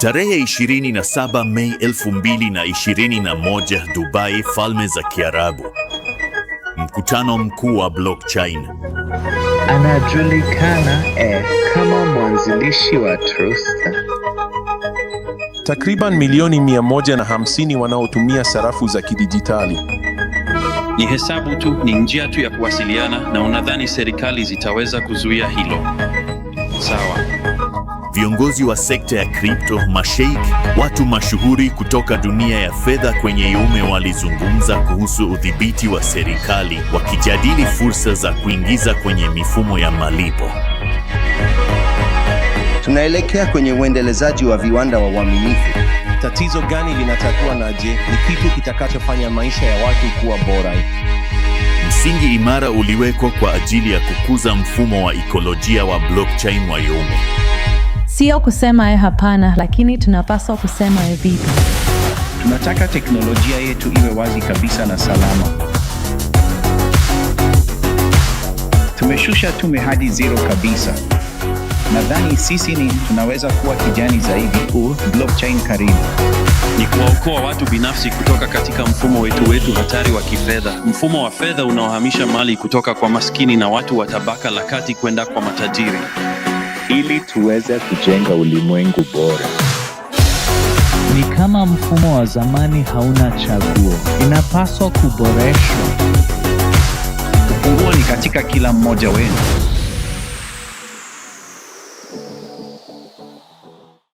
Tarehe 27 Mei 2021, Dubai, Falme za Kiarabu. Mkutano mkuu wa blockchain. Anajulikana eh, kama mwanzilishi wa trust Takriban milioni 150 wanaotumia sarafu za kidijitali. Ni hesabu tu, ni njia tu ya kuwasiliana na unadhani serikali zitaweza kuzuia hilo? Sawa viongozi wa sekta ya kripto, masheik, watu mashuhuri kutoka dunia ya fedha kwenye yume walizungumza kuhusu udhibiti wa serikali, wakijadili fursa za kuingiza kwenye mifumo ya malipo. Tunaelekea kwenye uendelezaji wa viwanda wa uaminifu. Tatizo gani linatatua na je, ni kitu kitakachofanya maisha ya watu kuwa bora? Msingi imara uliwekwa kwa ajili ya kukuza mfumo wa ikolojia wa blockchain wa yume sio kusema e, hapana, lakini tunapaswa kusema e, vipi? Tunataka teknolojia yetu iwe wazi kabisa na salama. Tumeshusha tume hadi zero kabisa. Nadhani sisi ni tunaweza kuwa kijani zaidi. kuu blockchain karibu ni kuwaokoa watu binafsi kutoka katika mfumo wetu wetu hatari wa kifedha, mfumo wa fedha unaohamisha mali kutoka kwa maskini na watu wa tabaka la kati kwenda kwa matajiri ili tuweze kujenga ulimwengu bora. Ni kama mfumo wa zamani hauna chaguo, inapaswa kuboreshwa. Ufunguo ni katika kila mmoja wenu.